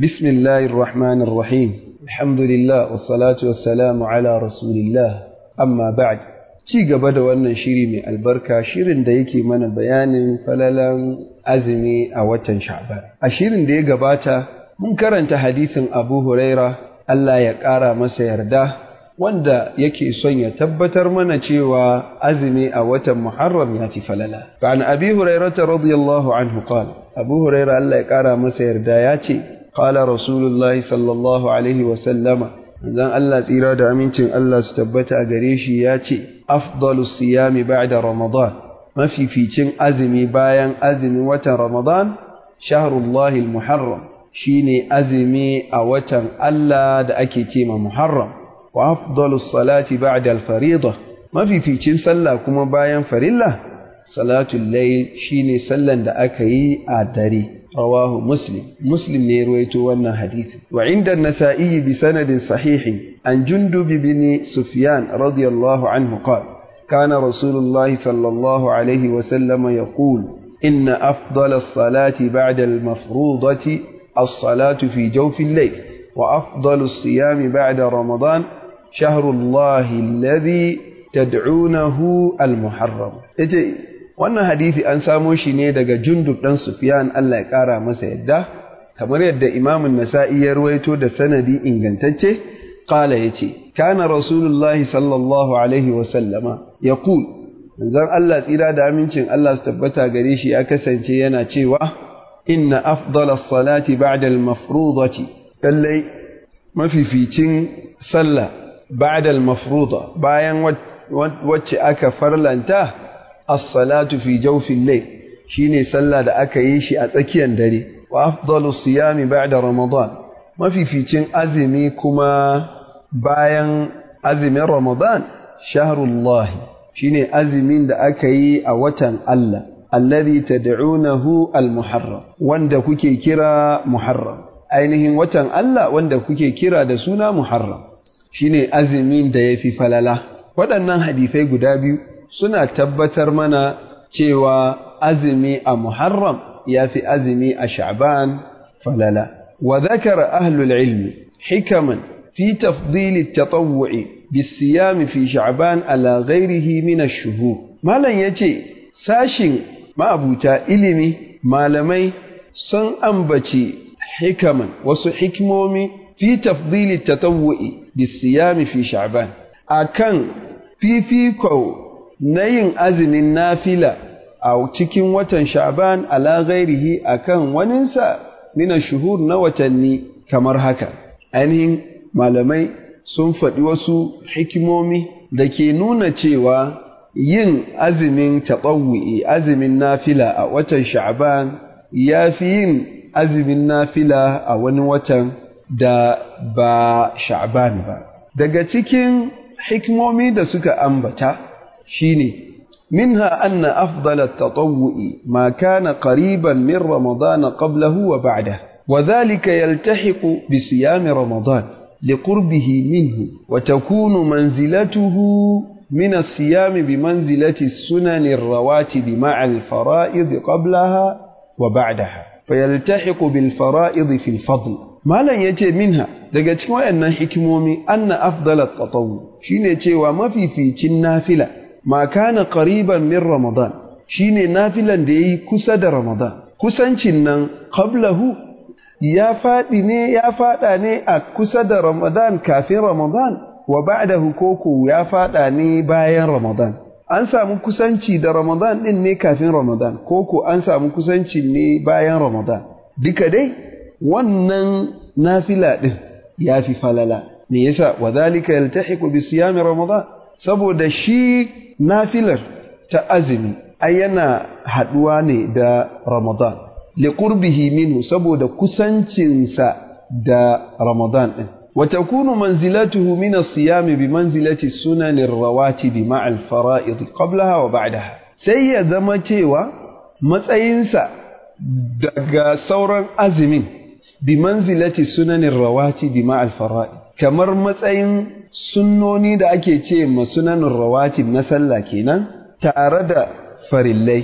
بسم الله الرحمن الرحيم الحمد لله والصلاة والسلام على رسول الله أما بعد ci gaba da wannan shiri mai albarka shirin da yake mana bayanin falalan azumi a watan sha'ban a shirin da ya gabata mun karanta hadisin abu huraira Allah ya ƙara masa yarda wanda yake son ya tabbatar mana cewa azumi a watan Muharram ya fi falala. Ba an abi Hurairata radiyallahu anhu qal Abu Huraira Allah ya ƙara masa yarda ya ce, qala rasulullahi sallallahu alaihi wa sallama manzon Allah tsira da amincin Allah su tabbata a gare shi ya ce afdalu siyami ba'da ramadan mafificin azumi bayan azumin watan ramadan shahrullahi almuharram shine azumi a watan Allah da ake ce ma Muharram wa afdalu salati ba'da al-fariḍa mafificin sallah kuma bayan farilla salatul layl shine sallan da aka yi a dare رواه مسلم مسلم يرويت وانا حديث وعند النسائي بسند صحيح عن جندب بن سفيان رضي الله عنه قال كان رسول الله صلى الله عليه وسلم يقول إن أفضل الصلاة بعد المفروضة الصلاة في جوف الليل وأفضل الصيام بعد رمضان شهر الله الذي تدعونه المحرم إيه wannan hadithi an samo shi ne daga jundub ɗan sufiyan Allah ya ƙara masa yadda kamar yadda imamun nasa'i ya ruwaito da sanadi ingantacce ƙala ya ce kana rasulullahi sallallahu alaihi wasallama ya kul zan Allah tsira da amincin Allah su tabbata gare shi ya kasance yana cewa inna afdala salati ba'da al-mafrudati lallai mafificin sallah ba'da al-mafruda bayan wacce aka farlanta as-salatu fi jawfil layl shine sallah da aka yi shi a tsakiyar dare wa afdalu siyami ba'da ramadan mafificin azumi kuma bayan azumin ramadan shahrullahi shine azumin da aka yi a watan Allah alladhi tad'unahu al-muharram wanda kuke kira muharram ainihin watan Allah wanda kuke kira da suna muharram shine azumin da yafi falala waɗannan hadisai guda biyu suna tabbatar mana cewa azumi a Muharram ya fi azumi a Sha'ban falala. Wa zakara ahlul ilmi hikaman fi tafdili tatawwu'i bisiyami fi Sha'ban ala ghairihi min ash Malam yace sashin ma'abuta ilimi malamai sun ambaci hikaman wasu hikimomi fi tafdili tatawwu'i bisiyami fi Sha'ban akan fifiko na yin azinin nafila a cikin watan sha'ban ala ghairihi akan waninsa mina shuhur na watanni kamar haka ainihin malamai sun faɗi wasu hikimomi da ke nuna cewa yin azumin taɓawu'i azumin nafila a watan sha'ban ya fi yin azumin nafila a wani watan da ba sha'ban ba daga cikin hikimomi da suka ambata شيني منها أن أفضل التطوع ما كان قريبا من رمضان قبله وبعده وذلك يلتحق بصيام رمضان لقربه منه وتكون منزلته من الصيام بمنزلة السنن الرواتب مع الفرائض قبلها وبعدها فيلتحق بالفرائض في الفضل ما لن يتي منها دقا تكوى أن حكمومي أن أفضل التطوع شين يتي وما في في النافلة ma kana qariban min ramadan shine nafilan da yayi kusa da ramadan kusancin nan qablahu ya faɗi ne ya faɗa ne a kusa da ramadan kafin ramadan wa ba'dahu koko ya faɗa ne bayan ramadan an samu kusanci da ramadan ɗin ne kafin ramadan koko an samu kusanci ne bayan ramadan duka dai wannan nafila ɗin ya fi falala me yasa wa zalika yaltahiqu bi siyami ramadan saboda shi nafilar ta azumi ayana haɗuwa ne da Ramadan ƙurbihi minhu saboda kusancinsa da Ramadan ɗin wa takunu manzilatuhu min as-siyam bi manzilati sunan ar-rawatib ma'a wa ba'daha sai ya zama cewa matsayinsa daga sauran azumin bi manzilati sunan ar-rawatib al-fara'id kamar matsayin sunnoni da ake ce masunanin rawatib na sallah kenan tare da farillai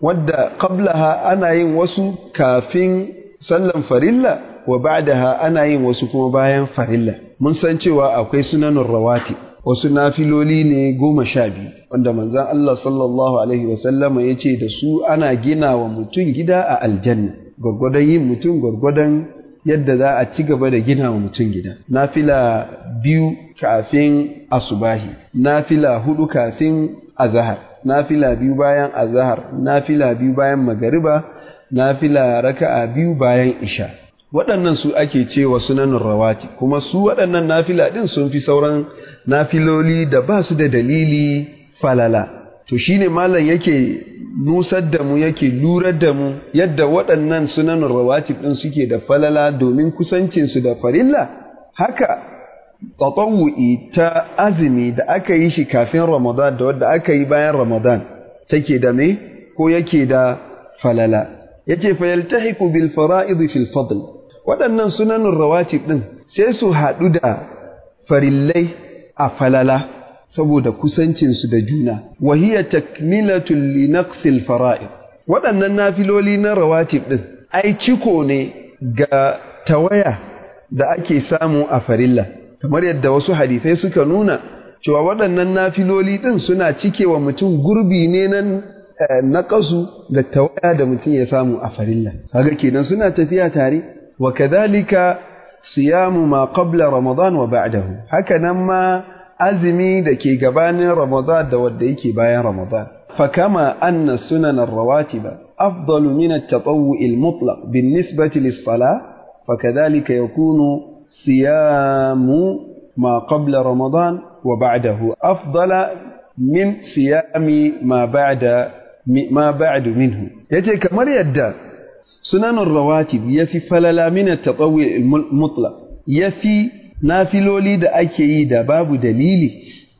wadda ha ana yin wasu kafin sallan farilla wa ha ana yin wasu kuma bayan farilla mun san cewa akwai sunanin rawati. wasu nafiloli ne goma sha biyu wanda manzan Allah sallallahu alaihi wasallama ya ce da su ana gina wa mutum gida a aljanna gwargwadon yin mutum gwargwadon yadda za a ci gaba da gina wa mutum gida nafila biyu kafin asubahi nafila hudu kafin azahar nafila biyu bayan azahar nafila biyu bayan magariba nafila raka'a biyu bayan isha waɗannan su ake cewa sunanin rawati kuma su waɗannan nafila ɗin sun fi sauran nafiloli da ba su da dalili falala to shine malam yake nusar da mu yake lurar da mu yadda waɗannan sunanin rawati ɗin suke da falala domin kusancinsu da farilla haka tatawu'i ta azumi da aka yi shi kafin Ramadan da wadda aka yi bayan Ramadan take da me ko yake da falala yace fa yaltahiqu bil fara'id fil fadl waɗannan sunanin rawatib din sai su haɗu da farillai a falala saboda kusancin su da juna wa hiya takmilatu li naqsil fara'id waɗannan nafiloli na rawatib din ai ciko ne ga tawaya da ake samu a farilla kamar yadda wasu hadisai suka nuna cewa waɗannan nafiloli ɗin suna cike wa mutum gurbi ne nan na eh, ƙasu da tawaya da mutum ya samu a farilla kaga kenan suna tafiya tare wa kadhalika siyamu ma qabla ramadan wa ba'dahu haka nan ma azumi da ke gabanin ramadan da wanda yake bayan ramadan fa kama anna sunan ar-rawatiba afdalu min at-tatawwu mutlaq bin nisbati lis-salah fa kadhalika yakunu صيام ما قبل رمضان وبعده أفضل من صيام ما بعد ما بعد منه يجي كمر يدا سنن الرواتب يفي فللا من التطوي المطلق يفي نافل وليد أكي دا باب دليلي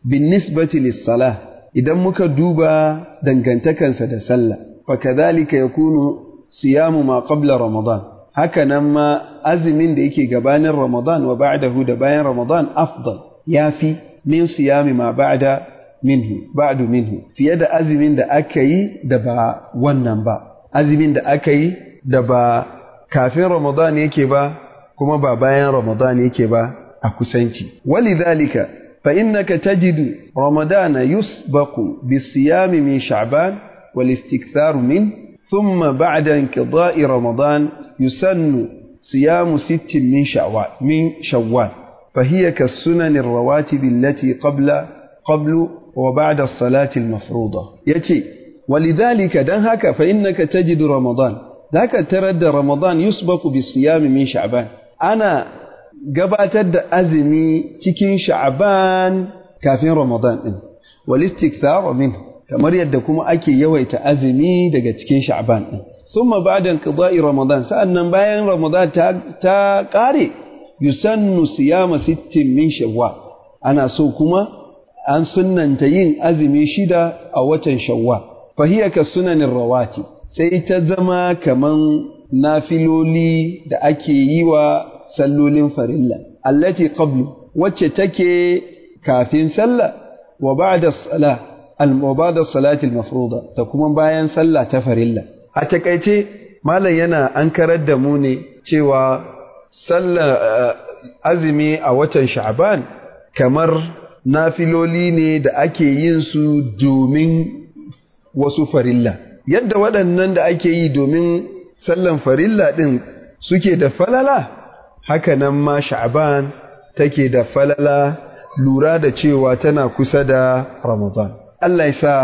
بالنسبة للصلاة إذا مك دوبا دنجنتك سد فكذلك يكون صيام ما قبل رمضان haka nan ma azumin da yake gabanin Ramadan wa ba'dahu da bayan Ramadan afdal yafi min siyami ma ba'da minhu ba'du minhu fiye da azumin da aka yi da ba wannan ba azumin da aka yi da ba kafin Ramadan yake ba kuma ba bayan Ramadan yake ba a kusanci walidhalika fa innaka tajidu Ramadana yusbaqu bisiyami min Sha'ban والاستكثار منه ثم بعد انقضاء رمضان يسن صيام ست من شوال من شوال فهي كالسنن الرواتب التي قبل قبل وبعد الصلاة المفروضة يتي ولذلك دهك فإنك تجد رمضان ذاك ترد رمضان يسبق بالصيام من شعبان أنا قبعتد أزمي تكين شعبان كافين رمضان إن. والاستكثار منه kamar yadda kuma ake yawaita azumi daga cikin sha'ban din thumma ba'da qada'i ramadan sa'annan bayan ramadan ta ta Yusan yusannu siyama sittin min shawwal ana so kuma an sunnanta yin azumi shida a watan shawwal fa hiya ka sunanin rawati sai ta zama kaman nafiloli da ake yiwa sallolin farilla allati qablu wacce take kafin sallah wa ba'da salah al da ba'da salati al kuma bayan sallah ta farilla a takaice malam yana an karar da mu ne cewa sallar eh, azumi a watan sha'ban kamar nafiloli ne da ake yin su domin wasu farilla yadda waɗannan da ake yi domin sallan farilla ɗin suke da falala haka nan ma sha'ban take da falala lura da cewa tana kusa da ramadan Allah ya sa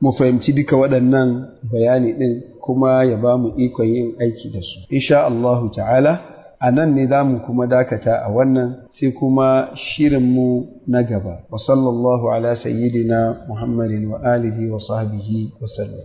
mu fahimci duka waɗannan bayani ɗin kuma ya ba mu ikon yin aiki da su insha Allahu ta'ala a nan ne za mu kuma dakata a wannan sai kuma shirinmu na gaba wa sallallahu ala sayyidina muhammadin wa alihi wa sahbihi wa sallam